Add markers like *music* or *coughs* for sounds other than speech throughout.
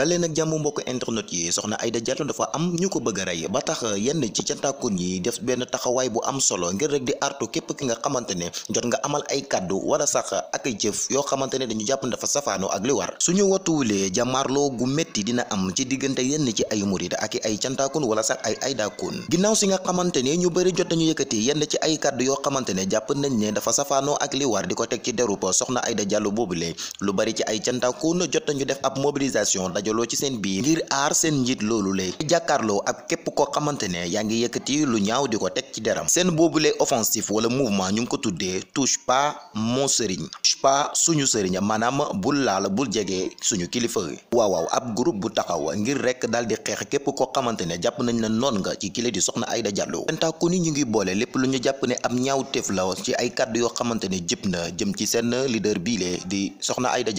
dalee nag jàmm mbokk internet yi soxna Aida Diallo dafa am ñu ko bëgg a rey ba tax yenn ci cantaakun yi def benn taxawaay bu am solo ngir rek di artu képp ki nga xamante ne jot nga amal ay kàddu wala sax ak jëf yoo xamante ne dañu jàpp dafa safaanoo ak li war suñu watuwulee jàmmaarloo gu métti dina am ci diggante yenn ci ay murid ak ay cantaakun wala sax ay aydakun ginnaaw si nga xamante ne ñu bëri jot nañu yëkkati yenn ci ay kàddu yoo xamante ne jàpp nañ ne dafa safaanoo ak li di ko teg ci derup soxna Aida Diallo boobule lu bari ci ay cantaakun jot nañu def ab mobilisation dajo dajaloo ci seen biir ngir aar seen njiit loolu lay jàkkaarloo ak képp koo xamante ne yaa ngi yëkkati lu ñaaw di ko teg ci deram seen boobule offensif wala mouvement ñu ngi ko tuddee touche pas mon sëriñ touche pas suñu sëriñ maanaam bul laal bul jege suñu kilifa yi waaw waaw ab groupe bu taxawa ngir rek daal di xeex képp koo xamante ne jàpp nañ la noon nga ci kile di soxna Aïda Diallo ku ni ñu ngi boole lépp lu ñu jàpp ne am ñaawteef la ci ay kàddu yoo xamante ne jëp na jëm ci seen leader biile di soxna Aïda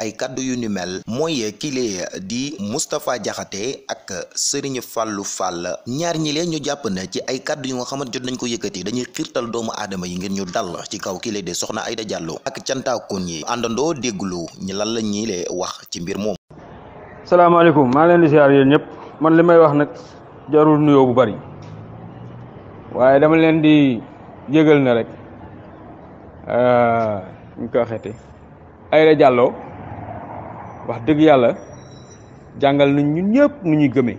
ay kàddu yu ni mel mooy kile di Moustapha Diakhaté ak Serigne Fallou Fall ñaar ñi leen ñu jàpp ne ci ay kàddu yu nga xamante jot nañ ko yëkkati dañuy xiirtal doomu aadama yi ngir ñu dal ci kaw kile de soxna Aïda Diallo ak cantaakun yi àndandoo déglu ñi lan la ñi wax ci mbir moom. salaamaaleykum maa leen di siyaar yéen ñëpp man li may wax nag jarul nuyoo bu bari waaye dama leen di jégal na rek euh, ñu koy waxeeti Aïda Diallo. wax dëgg yàlla jàngal nañ ñun ñëpp nu ñuy gëmee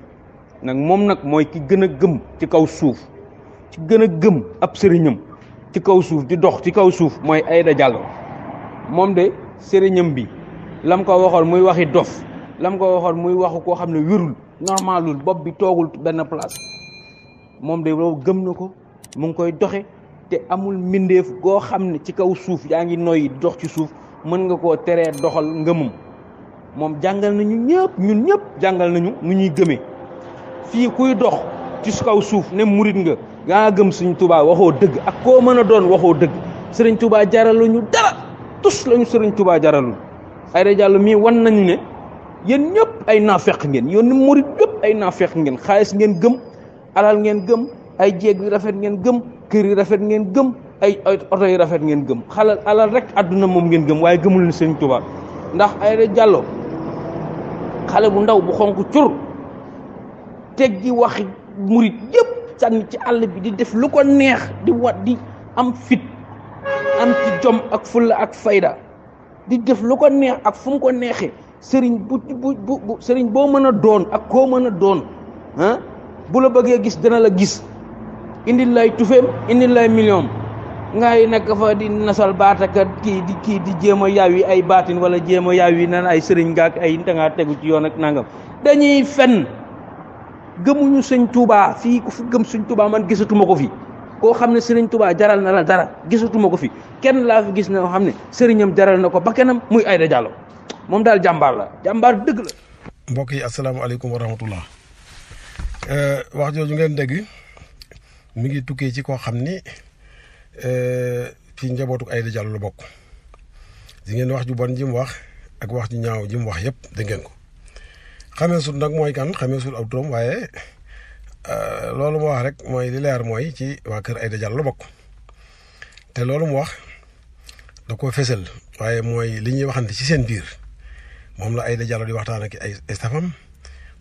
nag moom nag mooy ki gën a gëm ci kaw suuf ci gën a gëm ab sëriñam ci kaw suuf di dox ci kaw suuf mooy Aïda Diallo moom de sëriñam bi lam ko waxoon muy waxi dof lam ko waxoon muy waxu koo xam ne wérul normalul bopp bi toogul benn place moom de loolu gëm na ko mu ngi koy doxe te amul mbindeef goo xam ne ci kaw suuf yaa ngi noyyi dox ci suuf mën nga koo teree doxal ngëmum moom jàngal nañu ñëpp ñun ñëpp jàngal nañu nu ñuy gëmee fii kuy dox ci kaw suuf ne murit nga yaa gëm suñ tubaa waxoo dëgg ak koo mën a doon waxoo dëgg sëriñ tubaa jaraluñu dara tus lañu sëriñ tubaa jaraluñu Aida Diallo mii wan nañu ne yéen ñëpp ay naafeq ngeen yéen murit yëpp ay naafeq ngeen xaalis ngeen gëm alal ngeen gëm ay jéeg yu rafet ngeen gëm kër yi rafet ngeen gëm ay ay oto yi rafet ngeen gëm xalal alal rek àdduna moom ngeen gëm waaye gëmul ne sëriñ ndax Aida Diallo xale bu ndaw bu xonq xonk teg teggi waxi murit yëpp sànni ci àll bi di def lu ko neex di wat di am fit am ci jom ak fulla ak fayda di def lu ko neex ak fu mu ko neexee sëriñ bu bu bu sëriñ boo mën a doon ak koo mën a doon ah, bu la bëggee gis dina la gis indi lay tufeem indi lay million ngay nekk fa di nasal baatakat kii di kii di jéem a yaw yi ay baatin wala jéem a yaw yi nan ay sëriñ nga ak ay dangaa tegu ci yoon ak nangam dañuy fen gëmuñu sëñ Touba fii ku fi gëm sëñ man gisatuma ko fi koo xam ne sëriñ Touba jaral na la dara gisatuma ko fi kenn laa fi gis na xam ne sëriñam jaral na ko ba kenam muy Aïda Diallo moom daal jàmbaar la jàmbaar dëgg la. mbokk yi asalaamaaleykum wa euh, wax jooju ngeen dégg mi ngi tukkee ci koo xam ni Euh, ci njabootu Aida Diallo la bokk di ngeen wax ju bon ji wax ak wax ju ñaaw ji mu wax yépp dégg ngeen ko xamee sut nag mooy kan xamee sut aw turam waaye euh, loolu mu wax rek mooy li leer mooy ci waa kër Aida Diallo la bokk te loolu mu wax da ko fésal waaye mooy li ñuy waxante ci seen biir moom la Aida Diallo di waxtaan ak ay stafam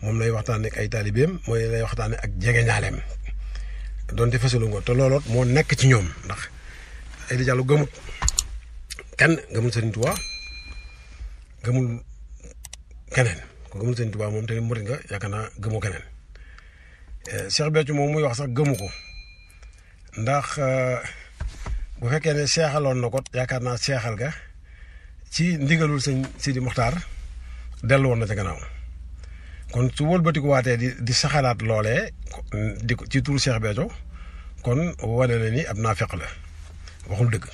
moom lay waxtaan ak ay taalibeem mooy lay waxtaane ak jegeñaaleem donte fasalu ko te looloot moo nekk ci ñoom ndax ay di jàllu gëmut kenn gëmul Sëriñ Tuubaa gëmul keneen ko gëmul Sëriñ Tuubaa moom te murit nga yaakaar naa gëmu keneen eh, Cheikh Béthio moom muy wax sax gëmu ko ndax eh, bu fekkee ne seexaloon na ko yaakaar naa seexal ga ci ndigalul sëñ Sidi Moxtaar dellu woon na ca gannaaw kon su wëlbatiku waatee di di saxalaat loolee di ko ci turu Cheikh Béthio kon wane na ni ab naafeq la waxul dëgg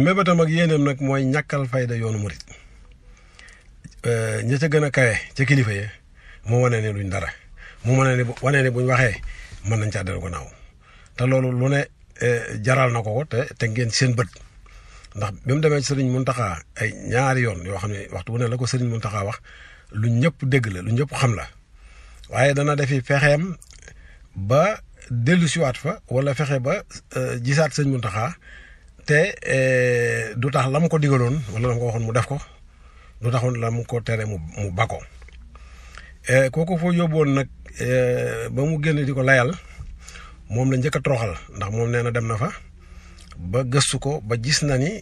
mbébétam ak yéenam nag mooy ñàkkal fayda yoonu murit ña ca gën a kawe ca kilifa yi mu wane ne duñ dara mu wane ne bu wane ne buñ waxee mën nañ caa dellu ko naaw te loolu lu ne e, jaral na ko ko te te ngeen seen bët ndax bi mu demee mun Mountakha ay ñaari yoon yoo xam ne waxtu wu ne la ko Serigne Mountakha wax. lu ñëpp dégg la lu ñëpp xam la waaye dana defi fexeem ba dellu siwaat fa wala fexe ba euh, gisaat sëñ Muntaxa te euh, du tax la mu ko diggaloon wala la mu ko waxoon mu def ko du taxoon la mu ko tere mu mu bako euh, kooku foo yóbboon nag ba mu génn di ko layal moom la njëkk a toroxal ndax moom nee na dem na fa ba gëstu ko ba gis na ni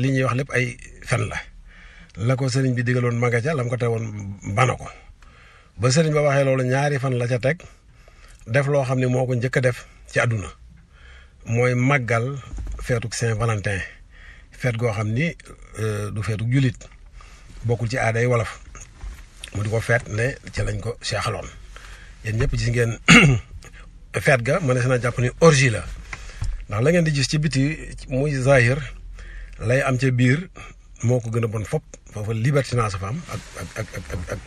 li ñuy wax lépp ay fen la la ko sëriñ bi digaloon ma nga ca la mu ko teewoon woon na ko ba sëriñ ba waxee loolu ñaari fan la ca teg def loo xam ne moo ko njëkk def ci àdduna mooy màggal feetuk Saint-Valentin feet goo xam ni euh, du feetuk jullit bokkul ci aaday wolof mu di ko feet ne ci lañ ko seexaloon yéen ñëpp gis ngeen *coughs* feet ga mën na jàpp ni orgie la ndax la ngeen di gis ci biti muy zahir lay am ca biir moo ko gën a bon fop foofu libertinage fa am ak ak ak ak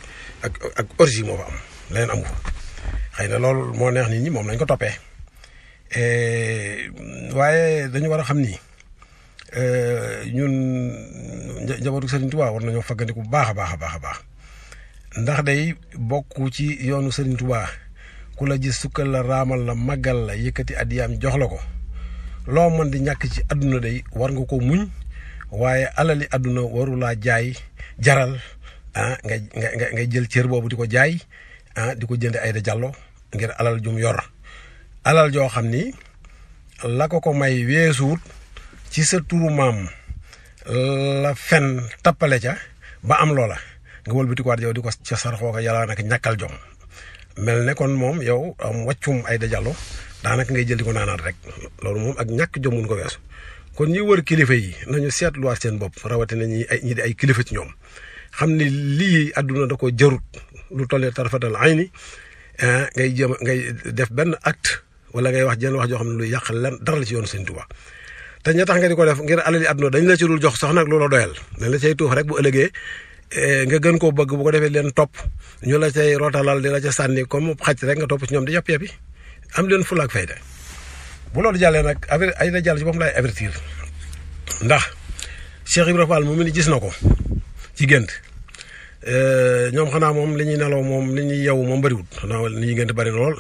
ak ak orgie moo fa am leneen amu fa xëy na loolu moo neex nii ñi moom lañ ko toppee eh, waaye dañu war a xam ni eh, ñun njabootu Serigne Touba war nañoo faggandiku bu baax a baax a baax a baax ndax day bokk ci yoonu Serigne Touba ku la gis sukkal la raamal la màggal la yëkkati addiyaam jox la ko loo mën di ñàkk ci àdduna day war nga ko muñ. waaye alal yi àdduna warulaa jaay jaral ah nga nga ngay jël cër boobu di ko jaay ah di ko jënd Aida Diallo ngir alal jum yor alal joo xam ni la ko ko may weesuut ci sa turu maam la fen tappale ca ba am loola nga wëlbati ko waat yow di ko ca sarxoo ko yàlla nag ñàkkal jom mel ne moom yow am ay Aida Diallo daanaka ngay jël di ko naanaat rek loolu moom ak ñàkk jom mun ko weesu. kon ñi wër kilifa yi nañu seetluwaat seen bopp rawatina ñi ay di ay kilifa ci ñoom xam ni lii àdduna da ko jarut lu tollee tarfatal ayni eh, ngay jéem ngay def benn acte wala ngay wax jenn wax joo xam ne lu yàq lan dara la ci yoonu Sëñ Tuubaa te ña tax nga di ko def ngir alali àdduna dañ la ci dul jox sax nag loola doyal dañ la cay tuux rek bu ëllëgee eh, nga gën koo bëgg bu ko defee leen topp ñu la cay rootalal di la ca sànni comme xaj rek nga topp ñoom di yàpp yàppi am leen fulaak fayda bu loolu jàllee nag aver Aïda jàll ci boppam laay avertir ndax Cheikh Ibrahima Fall ni gis na ko ci gént euh, ñoom xanaa moom li ñuy nelaw moom li ñuy yow moom bëriwut xanaa ni ñu gént bëri lool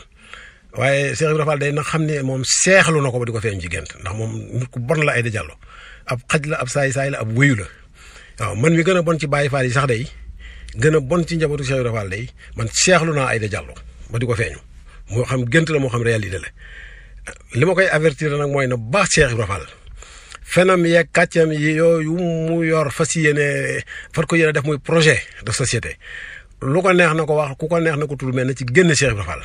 waaye Cheikh Ibrahima Fall day na xam ne moom seexlu na ko ba di ko feeñ ci gént ndax moom nit ku bon la Aïda Diallo ab xaj la ab saay-saay la ab wéyu la waaw man mi gën a bon ci Baye Fall yi sax day gën a bon ci njabootu Cheikh Ibrahima Fall day man seexlu naa Aïda Diallo ba di ko feeñu moo xam gént la moo xam réalité la li ma koy avertir nag mooy na baax Cheikh Ibra Fall fenam yeeg kàccam yi yooyu mu yor fas yéene far ko yéene def muy projet de société lu ko neex na ko wax ku ko neex na ko tudd mel na ci génn Cheikh Ibra Fall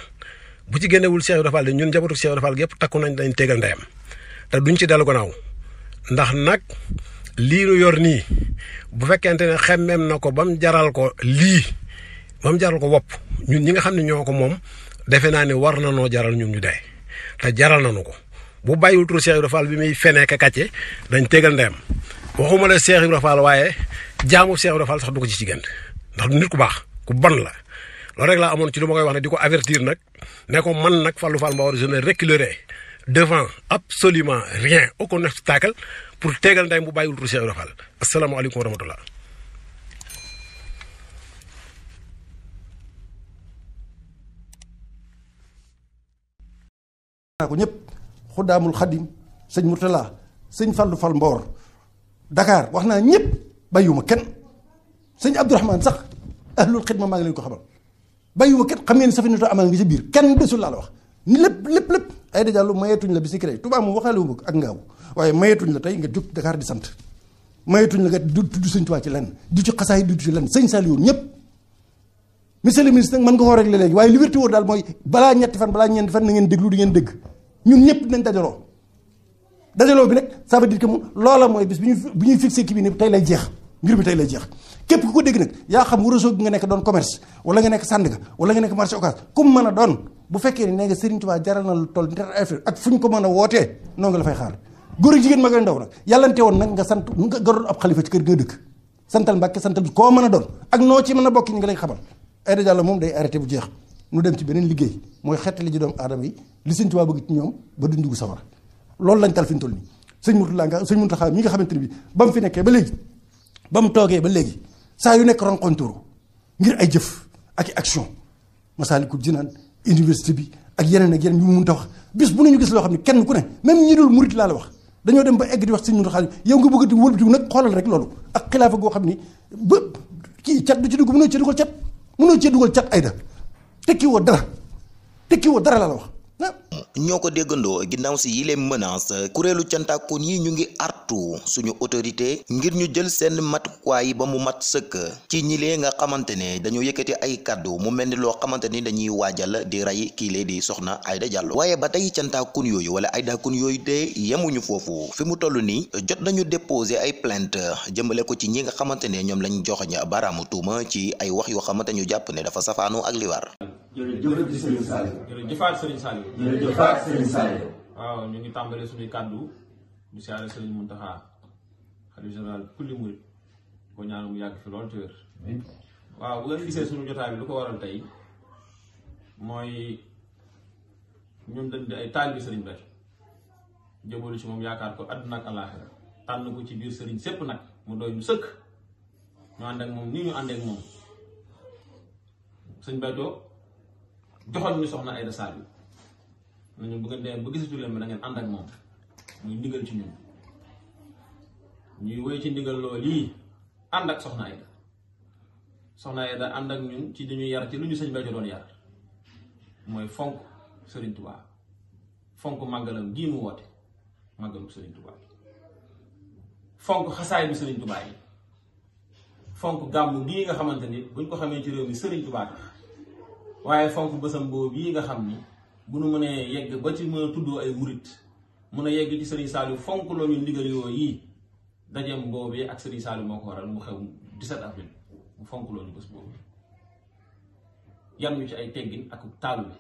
bu ci génnewul Cheikh Ibra Fall de ñun njabootu Cheikh Ibra Fall yëpp takku nañ dañ tegal ndeyam te duñ ci dellu gannaaw ndax nag lii nu yor nii bu fekkente ne xemmem na ko ba mu jaral ko lii ba mu jaral ko wopp ñun ñi nga xam ne ñoo ko moom defe naa ne war na noo jaral ñun ñu dee. te jaral nañu ko bu bàyyiwul tur Cheikh Ibra Fall bi muy fenee ka kàcce dañ tegal ndeyam waxuma la Cheikh Ibra Fall waaye jaamu Cheikh Ibra Fall sax du ko ci ci ndax du ku baax ku bon la. loolu rek laa amoon ci lu moo koy wax ne di ko avertir nag ne ko man nag Fallou Fall Mbaor je ne reculerai devant absolument rien aucun obstacle pour tegal ndeyam bu bàyyiwul tur Cheikh Ibra Fall asalaamaaleykum wa rahmatullah naa ko ñëpp xuddaamul xadim sëñ Murtala sëñ Fallu fal Mboor Dakar wax naa ñëpp bàyyiwuma kenn sëñ Abdourahman sax ahlul xidma maa ngi leen ko xamal bàyyiwuma kenn xam ngeen ne Safinatoul Amaan ngi ci biir kenn desul laa la wax ni lépp lépp lépp ay dajàllu mayeetuñ la bi si créé Touba moom waxaale wu ak ngaaw waaye mayeetuñ la tey nga jóg Dakar di sant mayetuñ la nga du tudd sëñ Tuubaa ci lenn du ci xasaay du ci lenn sëñ Saliou ñëpp monsieur le ministre nag mën nga waaye liberté woo daal mooy balaa ñetti fan fan na ngeen déglu di ngeen dégg ñun ñëpp dinañ dajaloo dajaloo bi nag ça veut dire que moom loola mooy bis bi ñu bi ñuy fixé tey lay jeex mbir bi tey lay jeex képp ku ko dégg yaa xam réseau gi nga nekk doon commerce wala nga nekk Sandaga wala nga nekk marché Ocass ku a doon bu fekkee ne nga Serigne Touba jaral na lu toll affaire ak fu ko mën a wootee noo nga la fay xaar góor ak ndaw nag yàllante woon nag nga sant nga doon ab xalifa ci kër ga dëkk santal Mbàkke santal koo mën a doon ak noo ci mën a bokk ñu ngi lay xamal Aïda Diallo moom day arrêté bu jeex nu dem ci beneen liggéey mooy xettali ji doomu aadama yi li sëñ Tuubaa bëgg ci ñoom ba duñ dugg safara loolu lañ tal fi ñu toll nii sëñ Murtala nga sëñ Murtala mi nga xamante ne bi ba mu fi nekkee ba léegi ba mu toogee ba léegi saa yu nekk rencontre ngir ay jëf ak i action Masaalikul Jinaan université bi ak yeneen ak yeneen yu mu mënta wax bis bu ñu gis loo xam ne kenn ku ne même ñi dul murit laa la wax dañoo dem ba egg di wax sëñ Murtala yow nga bëggati wëlbatiku nag xoolal rek loolu ak xilaafa goo xam ni ba kii cat du ci dugg mënoo cee dugal cat mënoo cee dugal cat ayda tekki woo dara tekki woo dara laa la wax ñoo ko déggandoo ginnaaw si yi yile menace kuréelu cantakoon yi ñu ngi artu suñu autorité ngir ñu jël seen matuwaay ba mu mat sëkk ci ñilee nga xamante ne dañoo yëkkati ay kàddu mu mel ni loo xamante ni dañuy waajal di rey kiile di soxna Aïda Diallo waaye ba tey cantakoon yooyu wala Aïdakoon yooyu de yemuñu foofu fi mu toll nii jot nañu déposer ay plainte jëmbale ko ci ñi nga xamante ne ñoom lañ joxoñ baraamu tuuma ci ay wax yoo xamante ñu jàpp ne dafa safaanu ak li jërëjëf Serigne Saliou. jërëjëfaat Serigne Saliou. jërëjëfaat Serigne Saliou. waaw ñu ngi tàmbalee suñuy kàddu di siyaare Serigne Mountakha xalifa général kulli murit ko ñaan mu yàgg fi lool te waaw bu ngeen gisee suñu jotaay bi lu ko waral tey mooy ñun dañ di ay taalibi sëriñ Bass jëmbalu ci moom yaakaar ko àdduna ak àllaaxira tànn ko ci biir Serigne sépp nag mu doy mu sëkk ñu ànd moom ni ñu ànd moom sëñ Bass joxoon soxna Aida Saliou ñu bëgg a dee ba gisatu leen ba da ngeen ànd ak moom muy ndigal ci ñun ñuy woy ci ndigal loolu yii ànd ak soxna Aida soxna Aida ànd ak ñun ci dañuy yar ci lu ñu sëñ Béthio doon yar mooy fonk Serigne Touba fonk màggalam gii mu woote màggalu Serigne Touba fonk xasaay bi Serigne Touba yi fonk gàmmu gii nga xamante ni buñ ko xamee ci réew mi Serigne Touba waaye fonk bësam boobu yi nga xam ni bu nu mënee yegg ba ci mën a tuddoo ay murit mun a yegg ci Serigne saalu fonk loo ñu ndigal yooyu yi dajeem boobu ak Serigne saalu moo ko waral mu xew 17 avril mu fonk loo ñu bés boobu yan ñu ci ay teggin ak taalu bi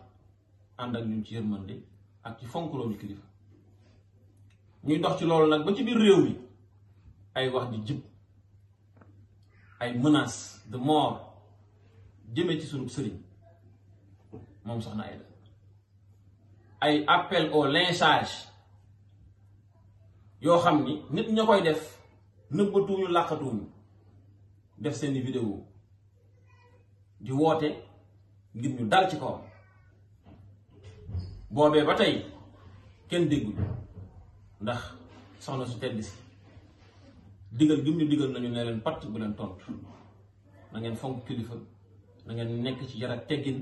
ànd ak ñun ci yërmande ak ci fonk loo ñu kilifa ñuy dox ci loolu nag ba ci biir réew mi ay wax di jib ay menace de mort jëmee ci sunu sëriñ moom soxna Aida ay appel au lynchage yoo xam ni nit ña koy def nëbbatuñu làqatuñu def seeni vidéo di woote ngir ñu dal ci kawam boobee ba tey kenn déggul ndax soxna su tedd si digal gim ñu digal nañu ne leen patt bu leen tontu na ngeen fonk kilifa na nekk ci yar ak teggin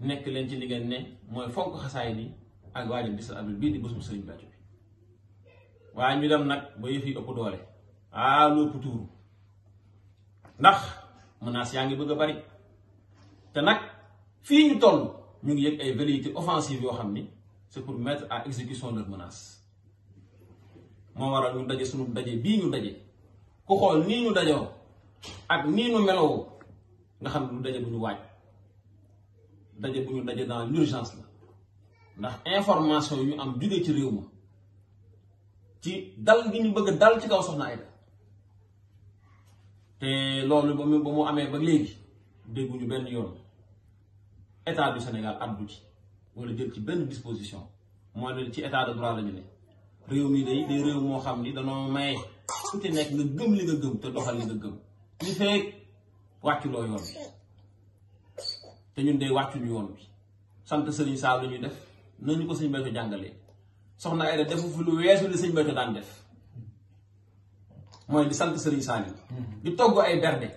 nekk leen ci li ne mooy fonk xasaay bi ak waajal bisal abdul bii di bés bu sëriñ bi waaye ñu dem nag ba yëf yi ëpp doole ah lépp tuuru ndax menaces yaa ngi bëgg a bari te nag fii ñu toll ñu ngi yëg ay velléités offensives yoo xam ni c'est pour mettre à exécution leur menace moo waral ñu daje suñu daje bii ñu daje ku xool nii ñu dajoo ak nii ñu meloo nga xam ne lu daje bu ñu waaj. daje bu ñu daje dans l'urgence la ndax information yu ñu am jugee ci réew ma ci dal gi ñu bëgg dal ci kaw soxna Aida te loolu ba mu ba mu amee ba léegi dégguñu benn yoon état du Sénégal addu ci wala jël ci benn disposition mooy ne ci état de droit la ñu ne réew mi day day réew moo xam ni danoo maye ku ci nekk nga gëm li nga gëm te doxal li nga gëm li fekk wàcculoo yoon te ñun dee wàccuñu yoon bi sant Serigne Sall ñu def nañu ko sëñ Béthio jàngalee soxna Aida defu lu weesu li sëñ Béthio daan def mooy di sant Serigne Sall mm-hmm. di togg ay berde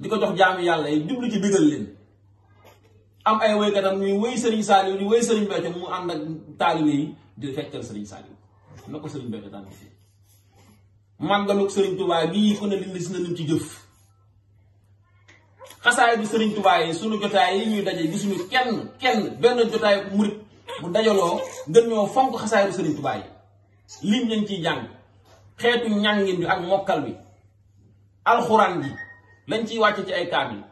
di ko jox jaamu yàlla yi jublu ci bigal am ay woykatam ñuy woy Serigne Sall di woy Serigne Béthio mu ànd ak yi di feccal Serigne ko Serigne Béthio daan def màggalu Serigne Touba bii ne li ci jëf. xasaay bi sëriñ Tuubaa yi sunu jotaay yi ñuy daje gisuñu kenn kenn benn jotaay murit bu dajaloo gën ñoo fonk xasaay bi sëriñ Tuubaa yi liñ lañ ciy jàng xeetu ñàngin bi ak mokkal bi alxuraan bi lañ ciy wàcce ci ay kaamil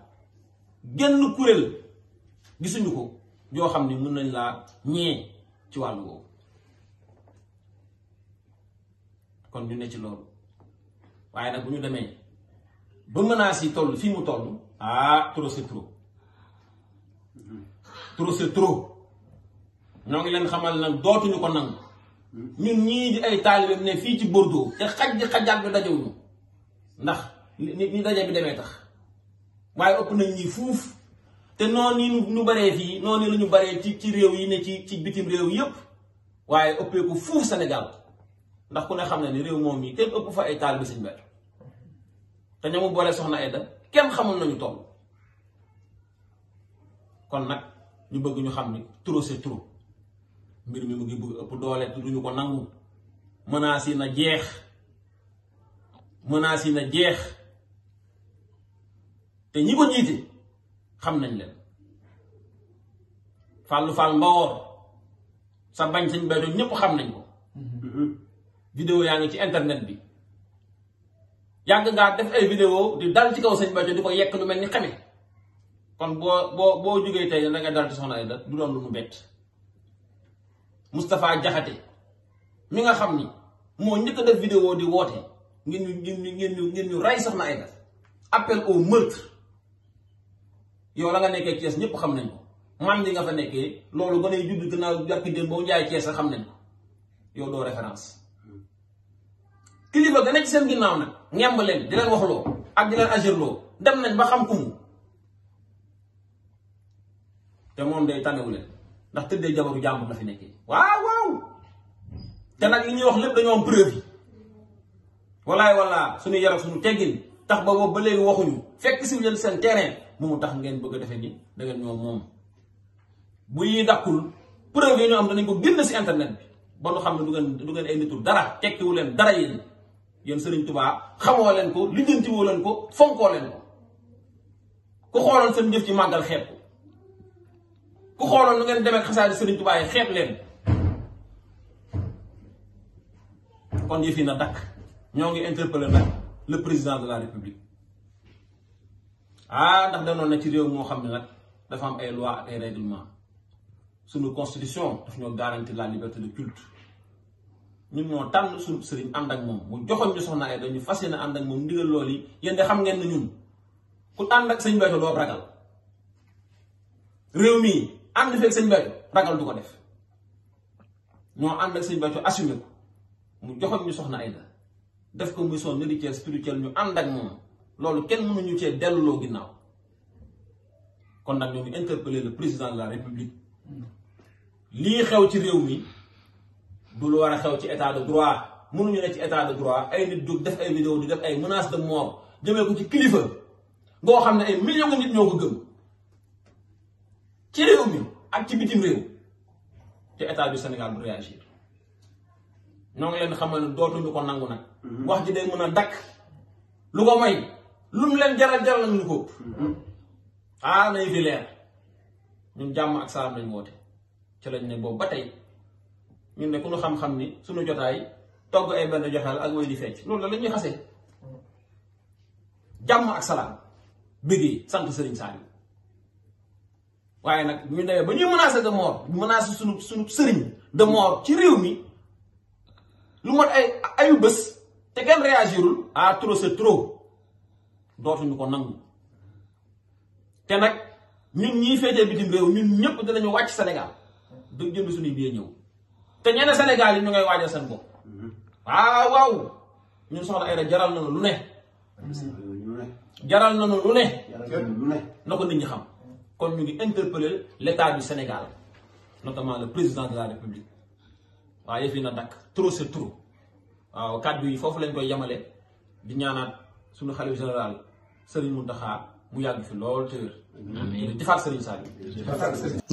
génn kuréel gisuñu ko yoo xam ni mën nañ laa ñee ci wàllu woowu kon ñu ne ci loolu waaye nag bu ñu demee ba menaces yi toll fii mu toll ah trop c'est trop trop ñoo ngi leen xamal nag dootuñu ko nangu ñun ñii ay taalibeem ne fii ci Bordeaux te xaj di xajaat bi dajewuñu ndax ni ni daje bi demee tax waaye ëpp nañ ñi fuuf te noonu yi ñu baree fii noonu la ñu baree ci ci réew yi ne ci ci bitim réew yépp waaye ëppee ko fuuf Sénégal ndax ku ne xam ne ni réew moom yi kenn ëpp fa ay taalibe Sëñ Béthio te ñoo mu boole soxna Aida kenn xamul nañu toll kon nag ñu bëgg ñu xam ni trop c'est trop mbir mi mu ngi bëgg ëpp doole te duñu ko nangu menaces yi na jeex menaces yi na jeex te ñi ko jiite xam nañ leen fàllu fàll mbawoor sa bañ sañ béyto ñépp xam nañ ko mm-hmm. vidéo yaa ngi ci internet bi yàgg ngaa def ay vidéo di dal ci kaw sëñ Bethio di ko yekk lu mel ni xame kon boo boo boo jógee tey da nga dal ci soxna Aida du doon lu mu bett Moustapha Diakhaté mi nga xam ni moo njëkk def vidéo di woote ngeen ñu ngeen ñu ngeen ñu rey soxna Aida appel au meurtre yow la nga nekkee Thiès ñëpp xam nañ ko man li nga fa nekkee loolu ba nay judd gannaaw jàkk jën boo njaay Thiès xam nañ ko yow doo référence kilifa gën a seen ginnaaw nag ngemb leen di leen waxloo ak di leen dem nañ ba xam mu te moom day tànnewu leen ndax tëddee jabaru jàmbur la fi nekkee waaw waaw te nag li ñuy wax lépp dañoo am preuve yi walaay wala suñu yaram suñu teggin tax ba boobu ba léegi waxuñu fekk si leen seen terrain bu mu tax ngeen bëgg a defee ni da moom bu yi dàqul preuve yi ñu am danañ ko bind si internet bi ba nu xam ne du ngeen du ngeen ay nitul dara tekkiwu leen dara yéen yéen sëriñ tubaa xamoo leen ko lijjantiwoo leen ko fonkoo leen ko ku xooloon seen jëf ci màggal xeeb ko ku xooloon ngeen demee xasaari sëriñ tubaa yi xeeb leen kon yëf yi na dakk ñoo ngi interpellé nag le président de la république ah ndax danoon ne ci réew moo xam ne nag dafa am ay loi ak ay règlement suñu constitution daf ñoo garanti la liberté de culte ñun moo tan suñu sëriñ ànd ak moom mu joxoon ñu soxna ay ñu fas yéene ànd ak moom ndigal loolu yi yéen xam ngeen na ñun ku ànd ak sëñ Béthio doo ragal réew mii ànd feeg sëñ Béthio ragal du ko def ñoo ànd ak sëñ Béthio assumé ko mu joxoon ñu soxna ay la def ko muy son héritier spirituel ñu ànd ak moom loolu kenn mënuñu cee delluloo ginnaaw kon nag ñoo ngi interpeller le président de la république lii xew ci réew mi. du lu war a xew ci état de droit mënuñu ne ci état de droit ay nit dug def ay vidéo di def ay menace de mort jëmee ko ci kilifa ngoo xam ne ay millions nga nit ñoo ko gëm ci réew mi ak ci bitim réew te état du Sénégal du réagir ñoo ngi leen xamal ne dootuñu ko nangu nag. Mm-hmm. wax ji day mën a dakk lu ko may lu mu leen jaral jaral ñu ko. Mm-hmm. ah nañ fi leer ñun jàmm ak salaam lañ woote ci lañ ne boobu ba tey. ñun ne ku ñu xam-xam ni suñu jotaay togg ay benn jotaal ak woy di fecc loolu la la xase xasee jàmm ak salaam bëggee sant Serigne Saliou waaye nag ñu ne ba ñuy menacer de mort menacer sunu sunu sëriñ de mort ci réew mi lu mot ay ayu bés te kenn réagirul à ah, trop c'est trop dootuñu ko nangu te nag ñun ñiy féetee bitim réew ñun ñëpp dinañu wàcc Sénégal du jënd suñuy billet ñëw. te ñenn Sénégal yi ñu ngay waajal seen bopp mhm. waaw waaw ñun soxna Aida jaral nañu lu ne. jaral nañu lu ne. na ko nit ñi xam kon ñu ngi interpeller l'état du Sénégal notamment le président de la République waaw yëf na dakk trop c'est trop waaw kàddu yi foofu lañ koy yamale di ñaanaat suñu xalifa général Serigne Mountakha mu yàgg fi lool te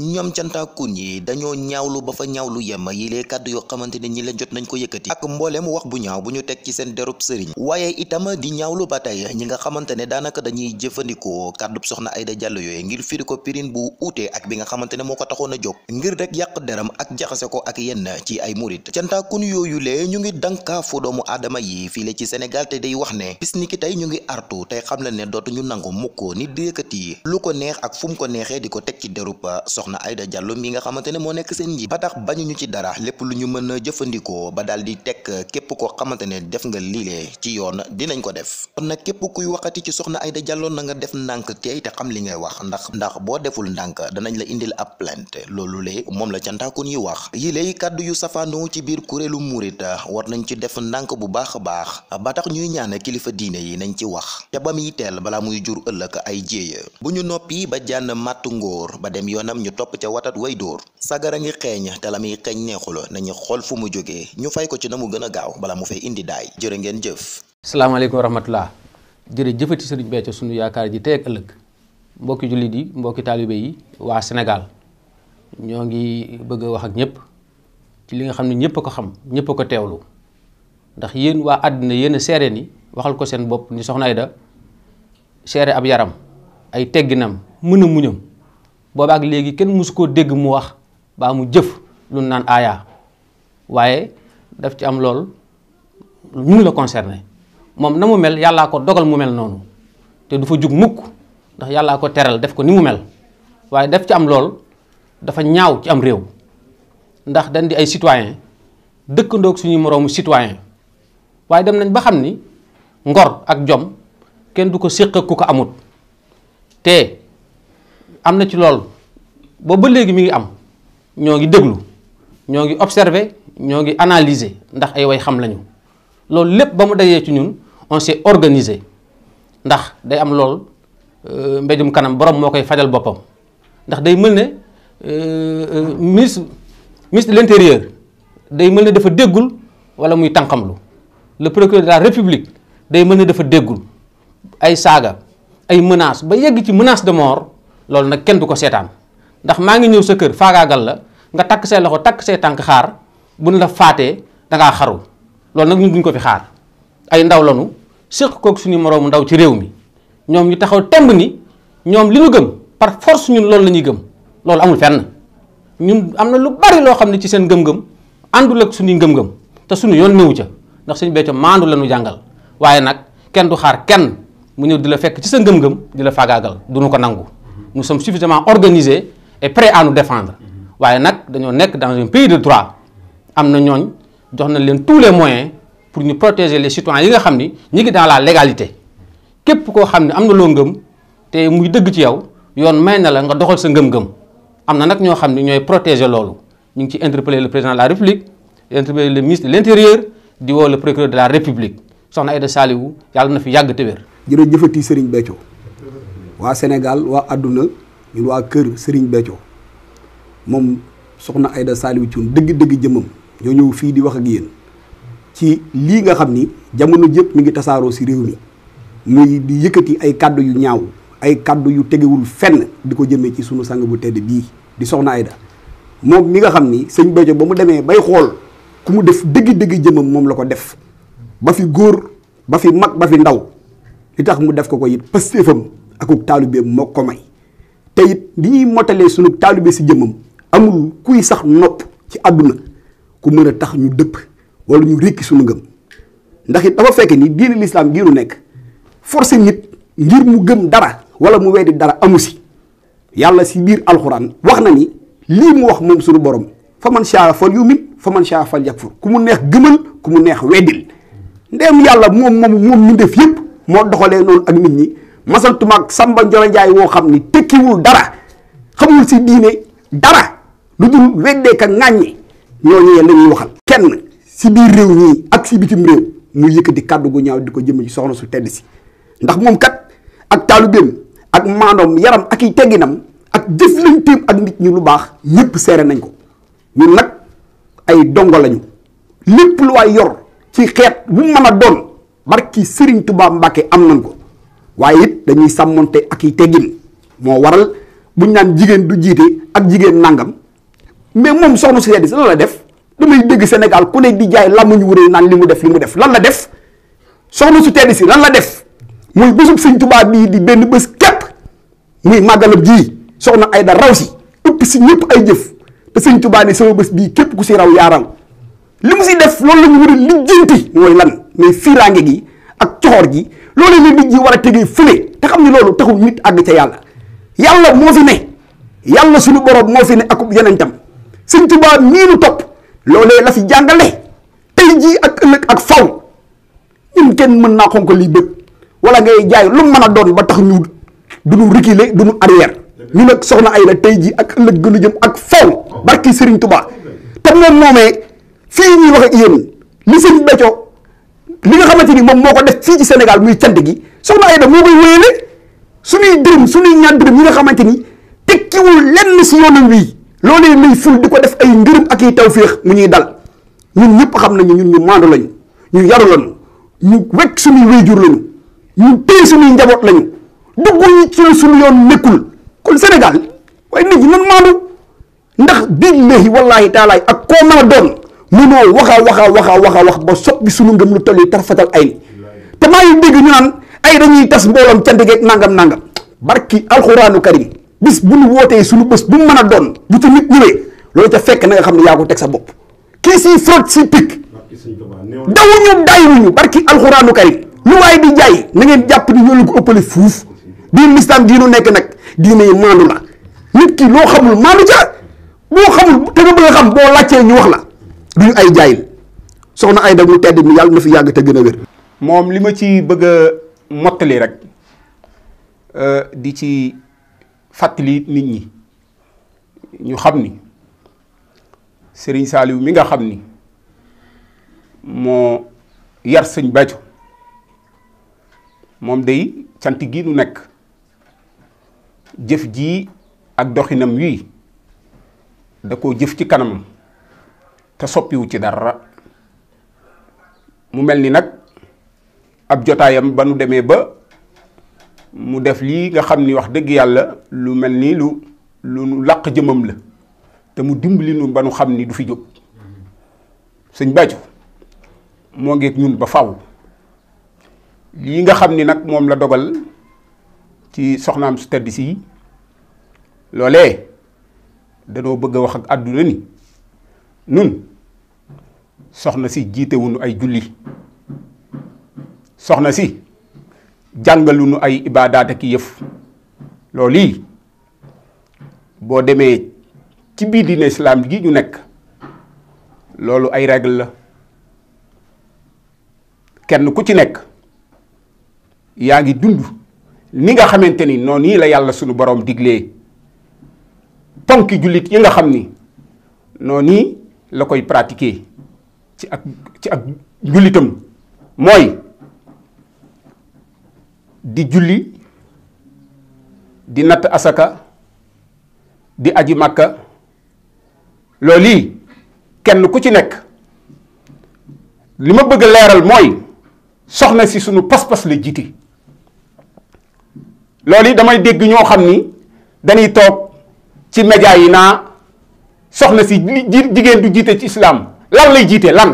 ñoom cantaakun yi dañoo ñaawlu ba fa ñaawlu yem yilee kàddu yoo xamante ne ñi la jot nañ ko yëkkati ak mbooleem wax bu ñaaw bu ñu teg ci seen derub sëriñ waaye itam di ñaawlu ba tey ñi nga xamante ne daanaka dañuy jëfandikoo kàddub soxna Aïda jàll yooyu ngir firi ko pirin bu uute ak bi nga xamante ne moo ko taxoon a jóg ngir rek yàq deram ak jaxase ko ak yenn ci ay murit cantaakun yooyu lee ñu ngi dankaafu doomu aadama yi fii la ci Sénégal te day wax ne bis ni ki tey ñu ngi artu tey xam na ne dootuñu nangu mukk nit di yëkkati ko neex ak fu mu ko neexee di ko teg ci derub soxna Aïda Diallo mi nga xamante ne moo nekk seen njiit ba tax bañu ñu ci dara lépp lu ñu mën a jëfandikoo ba daal di teg képp koo xamante ne def nga liilee ci yoon dinañ ko def kon nag képp kuy waxati ci soxna Aïda Diallo na nga def ndànk tey te xam li ngay wax ndax ndax boo deful ndànk danañ la indil ab plainte loolu lee moom la ca cantaakun yi wax yi léey kàddu yu safaanoo ci biir kuréelu murit war nañ ci def ndànk bu baax a baax ba ñuy ñaan kilifa diine yi nañ ci wax ca ba muy teel balaa ay jéeya noppi ba jànn màttu ngóor ba dem yoonam ñu topp ca watat way dóor sagara ngi xeeñ te la muy xeeñ nañu xool fu mu jógee ñu fay ko ci na mu gën gaaw bala mu fay indi daay jërë ngeen jëf salaamaaleykum wa rahmatullah jërë jëfati sëriñ Béthio sunu yaakaar ji tey ak ëllëg mbokki jullit yi mbokki taalibe yi waa Sénégal ñoo ngi bëgg a wax ak ñëpp ci li nga xam ne ñëpp a ko xam ñëpp a ko teewlu ndax yéen waa àddina yéen a seere ni waxal ko seen bopp ni soxna da seere ab yaram ay tegginam mën a muñam booba ak léegi kenn mësu koo dégg mu wax baa mu jëf lu naan aaya waaye daf ci am lool mu ngi la concerné moom na mu mel yàllaa ko dogal mu mel noonu te du fa jug mukk ndax yàllaa ko teral def ko ni mu mel waaye daf ci am lool dafa ñaaw ci am réew ndax dañ di ay citoyen dëkkandoog suñuy moroomu citoyen waaye dem nañ ba xam ni ngor ak jom kenn du ko séq ku ko amut te am na ci lool boobu ba léegi mi ngi am ñoo ngi déglu ñoo ngi observer ñoo ngi analyser ndax ay way xam lañu loolu lépp ba mu dajee ci ñun on s'est organisé ndax day am lool euh, mbéjum kanam borom moo koy fajal boppam ndax day mel ne euh, euh, ministre ministre de l'intérieur day mel ne dafa déggul wala muy tànqamlu le procureur de république day mel ne dafa déggul ay saaga ay menaces ba yegg ci menace de mort loolu nag kenn du ko seetaan ndax maa ngi ñëw sa kër faagaagal la nga takk say loxo takk say tànk xaar bu buñ la faatee dangaa ngaa loolu nag ñun duñ ko fi xaar ay ndaw lanu séq su suñu moroomu ndaw ci réew mi ñoom ñu taxaw temb ni ñoom li ñu gëm par force ñun loolu la ñuy gëm loolu amul fenn ñun am na lu bari loo xam ne ci seen ngëm-ngëm àndul ak suñuy ngëm-ngëm te suñu yoon néewu ca ndax suñu becco maandu la jàngal waaye nag kenn du xaar kenn mu ñëw di la fekk ci sa ngëm-ngëm di la faagaagal du ñu ko nangu nous sommes suffisamment organiser et prêts à nous défendre waaye nag dañoo nekk dans un pays de droit am na ñooñ jox nañ leen tous les moyens pour ñu protéger les citoyens yi nga xam ni ñi ngi dans la légalité képp koo xam ne am na loo ngëm te muy dëgg ci yow yoon may na la nga doxal sa ngëm-ngëm am na nag ñoo xam ne ñooy protéger loolu ñu ngi ci interpeller le président de la république interpeller le ministre di woo le procureur de la république soxna Aïda Saliou yàlla na fi yàgg te jërëjëfati sëriñ Béthio waa senegal waa àdduna ñun waa kër Serigne Béthio moom soxna Aïda Saliou Thioune dëgg-dëgg jëmmam ñoo ñëw fii di wax ak yéen ci lii nga xam ni jamono jépp mi ngi tasaaroo si réew mi muy di yëkkati ay kàddu yu ñaaw ay kàddu yu tegewul fenn di ko jëmee ci sunu sang bu tedd bii di soxna Aïda moom mi nga xam ni sëñ Béthio ba mu demee bay xool ku mu def dëgg-dëgg jëmmam moom la ko def ba fi góor ba fi mag ba fi ndaw li tax mu def ko ko it pastéefam akuk taalibeem moo ko may tey it li ñuy motalee sunu taalibe si jëmmam amul kuy sax nopp ci àdduna ku mën a tax ñu dëpp wala ñu rékki sunu gëm ndax it dafa fekk ni diine lislaam giiru nekk forcé nit ngir mu gëm dara wala mu weddi dara amu si yàlla si biir alxuraan wax na ni lii mu wax moom sunu borom fa man saa fal yumin fa man ku mu neex gëmal ku mu neex weddil ndéem yàlla moom moom moom ñu def yépp moo doxalee noonu ak nit ñi masaltumaag Samba Ndiol Ndiaye woo xam ni tekkiwul dara xamul si diine dara lu dul weddeeka ŋàññi ñooñu yéen lañuy waxal kenn si biir réew ñii ak si bitim réew mu yëkkati kàddu gu ñaaw di ko jëme ci soxna su tedd si ndax moom kat ak taalubeem ak maandoom yaram ak i tegginam ak jëflanteem ak nit ñi lu baax ñëpp seere nañ ko ñun nag ay dongo lañu lépp lu waay yor ci xeet bu mën a doon barki Serigne Touba Mbacke am nañ ko waaye it dañuy sàmmonte ak i teggin moo waral buñ naan jigéen du jiite ak jigéen nangam mais moom soxna si lan la def damay dégg Sénégal ku ne di jaay lamuñu wuree naan li mu def li mu def lan la def soxna su tedd si lan la def muy bésub sëñ Touba bii di benn bés képp muy màggalab ji soxna na raw si ëpp si ñëpp ay jëf te Serigne Touba ni sama bés bii képp ku si raw yaa raw li mu si def loolu la mais fiiraange gi ak coxoor gi loolu la nit ñi war a tegee fële te xam ni loolu taxul nit àgg ca yàlla yàlla moo fi ne yàlla suñu borom moo fi ne akub tam sëñ Tuubaa mii nu topp loolee la fi jàngale tey ji ak ëllëg ak faw ñun kenn mën naa xonk lii bëgg wala ngay jaay lu mën a doon ba tax ñu du ñu reculer du ñu arrière ñu soxna ay la tey jii ak ëllëg gënu jëm ak faw barki sëriñ Tuubaa te moom moomee fii ñuy wax ak yéen li sëñ Béthio li nga xamante ni moom moo ko def fii ci Sénégal muy cant gi soxna Aida moo koy wéyale suñuy dërëm suñuy ñaar dërëm yi nga xamante ni tekkiwul lenn si yoonam wii loolee muy ful ko def ay ngërëm ak i tawféex mu ñuy dal ñun ñëpp xam nañu ñu maandu lañu ñu yaru lañu ñu wekk suñuy wéyjur lañu ñu téye suñuy njaboot lañu dugg ci suñu yoon nekkul kon Sénégal waaye nit ñi nan maandu ndax billahi wallahi taalaay ak koo mën a doon. mënoo wax a wax a wax a wax a wax ba soppi sunu ngëm lu toll yi tarfatal ay ni te maa ngi dégg ñu naan ay dañuy tas mbooloom cant geeg nangam nangam barki alxuraanu karim bis bu nu wootee sunu bés bu mu mën a doon bu ci nit ñëwee fekk na xam ne yaa ko teg sa bopp kii si frot si picc dawuñu daywuñu barki alxuraanu karim na ngeen jàpp ni ñoo ko ëppale fuuf diin lislaam diinu nekk nag diine yi maandu la nit ki loo xamul maandu ca boo xamul te nga bëgg a xam boo laajtee ñu wax la du ñu ay jaayil soxna Aida mu tedd mi yàlla na fi yàgg te gën a wér. moom li ma ci bëgg a mottali rek euh, di ci fàttali nit ñi ñu xam ni sëriñ Saliou mi nga xam ni moo yar sëñ Bathio moom day cant gi nu nekk jëf ji ak doxinam wii da koo jëf ci kanamam. te soppiwu ci dara mu mel ni nag ab jotaayam ba nu demee ba mu def lii nga xam ni wax dëgg yàlla lu mel ni lu lu nu làq jëmam la te mu dimbali nu ba nu xam ni du fi jóg sëñ Bàccu moo ngeeg ñun ba faw lii nga xam ni nag moom la dogal ci soxnaam su tedd si loolee danoo bëgg a wax ak àdduna ni nun soxna si jiitewuñu ay julli soxna si jàngalunu ay ibaadaat ak yëf loolu boo demee ci biir diine islaam gi ñu nekk loolu ay règle la kenn ku ci nekk yaa ngi dund ni nga xamante ni noonu nii la yàlla sunu boroom diglee ponki jullit yi nga xam ni noonu la koy pratiquer ci ak ci ak jullitam mooy di julli di natt asaka di aji màkka loolu yi kenn ku ci nekk li ma bëgg a leeral mooy soxna si sunu pas-pas la jiiti loolu yi damay dégg ñoo xam ni dañuy toog ci média yi naa soxna si jigéen du jiite ci islaam lan lay jiite lan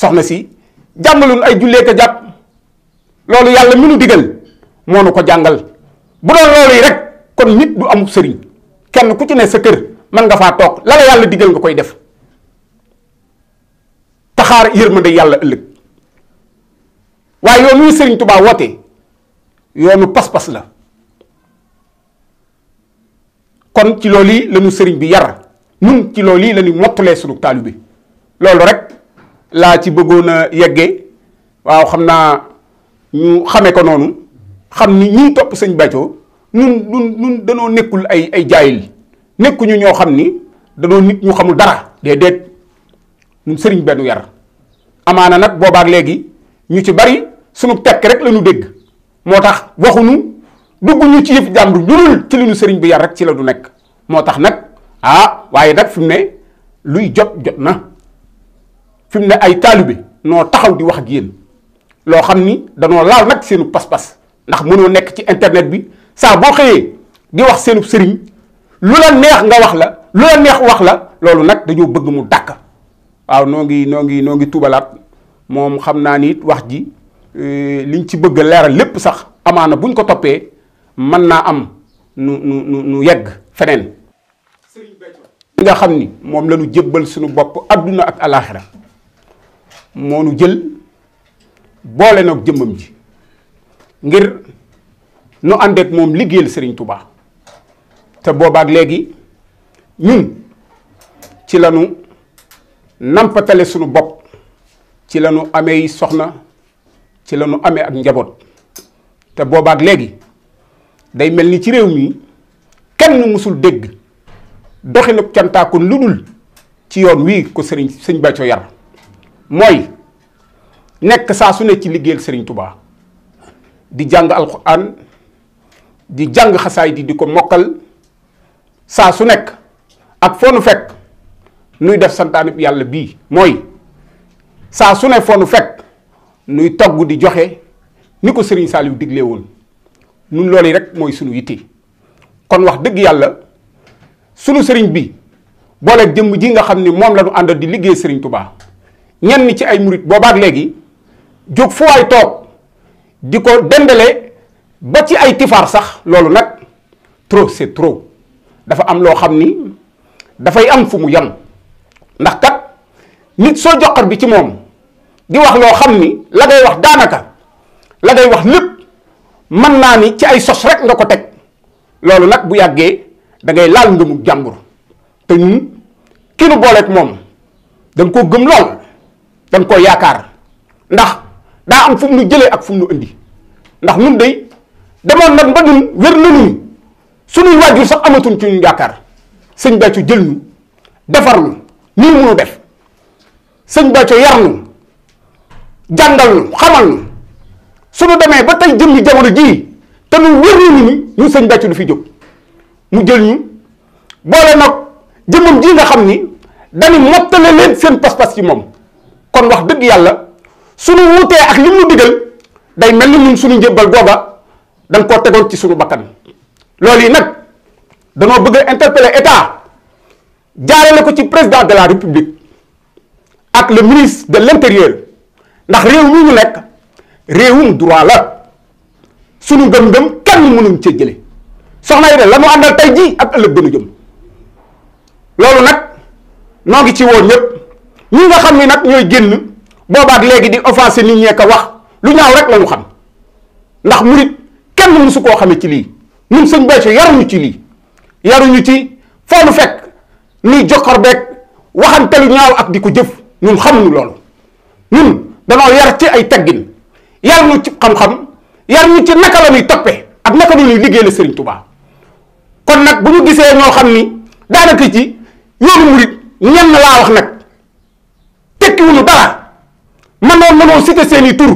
soxna si jàmmalun ay jullee ko jàpp loolu yàlla mi digal moo nu ko jàngal bu doon loolu yi rek kon nit du am sëriñ kenn ku ci ne sa kër man nga faa toog la la yàlla digal nga koy def taxaar yërmande yàlla ëllëg waaye yoon wi sëriñ Tuubaa woote yoonu pas-pas la kon ci loolu yi sëriñ bi yar nun ci loolu lii la ñu mottalee sunu bi loolu rek laa ci bëggoon a yeggee waaw xam naa ñu xamee ko noonu xam ni ñii topp sëñ Béthio nun nun nun danoo nekkul ay ay jaayil nekkuñu ñoo xam ni danoo nit ñu xamul dara déedéet nun sëriñ bennu yar amaana nag boobaak léegi ñu ci bari sunu tekk rek la ñu dégg moo tax waxuñu dugg ñu ci yëf jàmbur ñu dul ci li ñu sëriñ bi yar rek ci la du nekk moo tax nag ah waaye nag fi ne luy jot jot na fi mu ne ay taalibe noo taxaw di wax ak loo xam ni danoo laal nag seenu pas-pas ndax mënoo nekk ci internet bi saa boo xëyee di wax seenu sëriñ lu la neex nga wax la lu la neex wax la loolu nag dañoo bëgg mu dàkk waaw noo ngi noo ngi noo ngi tubalaat moom xam naa ni wax ji euh, liñ ci bëgg leeral lépp sax amaana buñ ko toppee mën naa am nu nu nu yegg feneen bi nga xam ni moom la ñu sunu suñu bopp adduna ak alaaxira moo nu jël boole nag jëmmam ji ngir nu ànd moom liggéeyal sëriñ Touba te boobaak léegi ñun ci lanu nampatale sunu bopp ci lanu amee soxna ci lanu amee ak njaboot te boobaak léegi day mel ni ci réew mi kenn mësul dégg doxinub cantaakun lu dul ci yoon wii ko sëriñ sëñ Bethio yar mooy nekk saa su nekk ci liggéeyal sëriñ tubaa di jàng alxuraan di jàng xasaay di di ko mokkal saa su nekk ak foo fekk nuy def santaanib yàlla bii mooy saa su ne foo fekk nuy togg di joxe ni ko sëriñ Saliou digle woon nun loolu rek mooy sunu yitte kon wax dëgg yàlla sunu sëriñ bi booleeg jëmm ji nga xam ni moom lanu ñu àndal di liggéey sëriñ Touba ñenn ci ay murit boobaak léegi jóg fu waay toog di ko dendale ba ci ay tifaar sax loolu nag trop c'est trop dafa am loo xam ni dafay am fu mu yem ndax kat nit soo joxar bi ci moom di wax loo xam ni la ngay wax daanaka la ngay wax lépp mën naa ni ci ay sos rek nga ko teg loolu nag bu yàggee. da ngay laal ngëmu jàmbur te ñun ki nu booleeg moom dañ koo gëm lool dañ koo yaakaar ndax daa am fu nu jëlee ak fu nu indi ndax nun day demoon nag ba ñun wér nañu suñuy waajur sax amatuñ ci ñun yaakaar sëñ Béthio jël ñu defar ñu nii munu def sëñ Béthio yar ñu jàngal ñu xamal ñu suñu demee ba tey jëmmi jamono jii te nu wér nañu ni ñun sëñ Béthio du fi jóg mu jël ñu boole nag jëmmam ji nga xam ni dañu mottale leen seen pas-pas ci moom kon wax dëgg yàlla su suñu wutee ak lim nu digal day mel ni ñun suñu njëbbal googa dañ koo tegoon ci suñu bakkan loolu yi nag danoo bëgg a interpeller état jaarale ko ci président de la république ak la ministre de l'intérieur ndax réew mu ngi nekk réewum droit la suñu gëm-gëm kenn mënuñ cee jële soxna yi de la mu àndal tey jii ak ëllëg gënu jëm loolu nag noo ngi ci woon ñëpp ñi nga xam ni nag ñooy génn boobaak léegi di offensé nit ñee ko wax lu ñaaw rek lañu xam ndax mu murit kenn su koo xamee ci lii ñun sëñ Béthio yaruñu ci lii yaruñu ci foo fekk ni jokkor beeg waxante lu ñaaw ak di ko jëf ñun xamuñu loolu ñun danoo yar ci ay teggin yar ñu ci xam-xam yar ci naka la ñuy toppee ak naka la ñuy liggéeyal Sëriñ Tuubaa kon nag bu ñu gisee ñoo xam ni daanaka ci yoonu murit ñenn laa wax nag tekkiwuñu dara mënoo mënoo cité seen i tur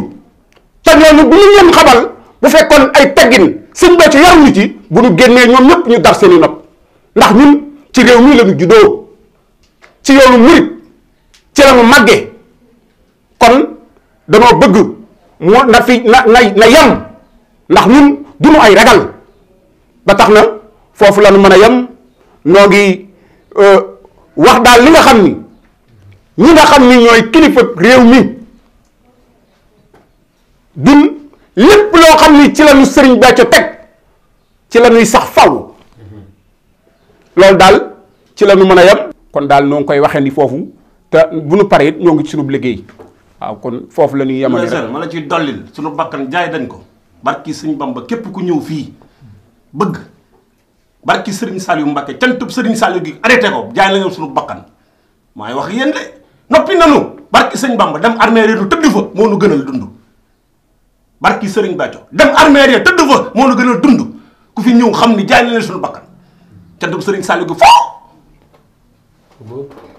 te ñooñu bu ñu leen xabal bu fekkoon ay teggin suñ ba ci yaruñu ci bu ñu génnee ñoom ñépp ñu dar seen nopp ndax ñun ci réew mii la ñu juddoo ci yoonu murit ci la ñu màggee kon danoo bëgg mu na fi na na na yem ndax ñun duñu ay ragal na. foofu la ñu mën a yem noo ngi euh, wax daal li nga xam ni ñi nga xam ni ñooy kilifa réew mi dun lépp loo xam ni ci la ñu sëriñ becco teg ci la ñuy sax faw loolu daal ci la ñu mën a yem kon daal noo ngi koy waxee ni foofu te bu nu paree ñoo ngi ci sunub liggéey waaw kon foofu la ñuy yemale rek ma la ciy dollil suñu bakkan jaay dañ ko barki sëñ Bamba képp ku ñëw fii bëgg barki Serigne Saliou Mbacke cantub Serigne Saliou gi arrêté ko jaay la ñu suñu bakkan maay wax yéen de noppi nanu barki sëñ Bamba dem armée réeru tëdd fa moo nu gënal dund barki Serigne Bacco dem armée réer tëdd fa moo nu gënal dund ku fi ñëw xam ni jaay la ñu suñu bakkan cantub Serigne Saliou gi foofu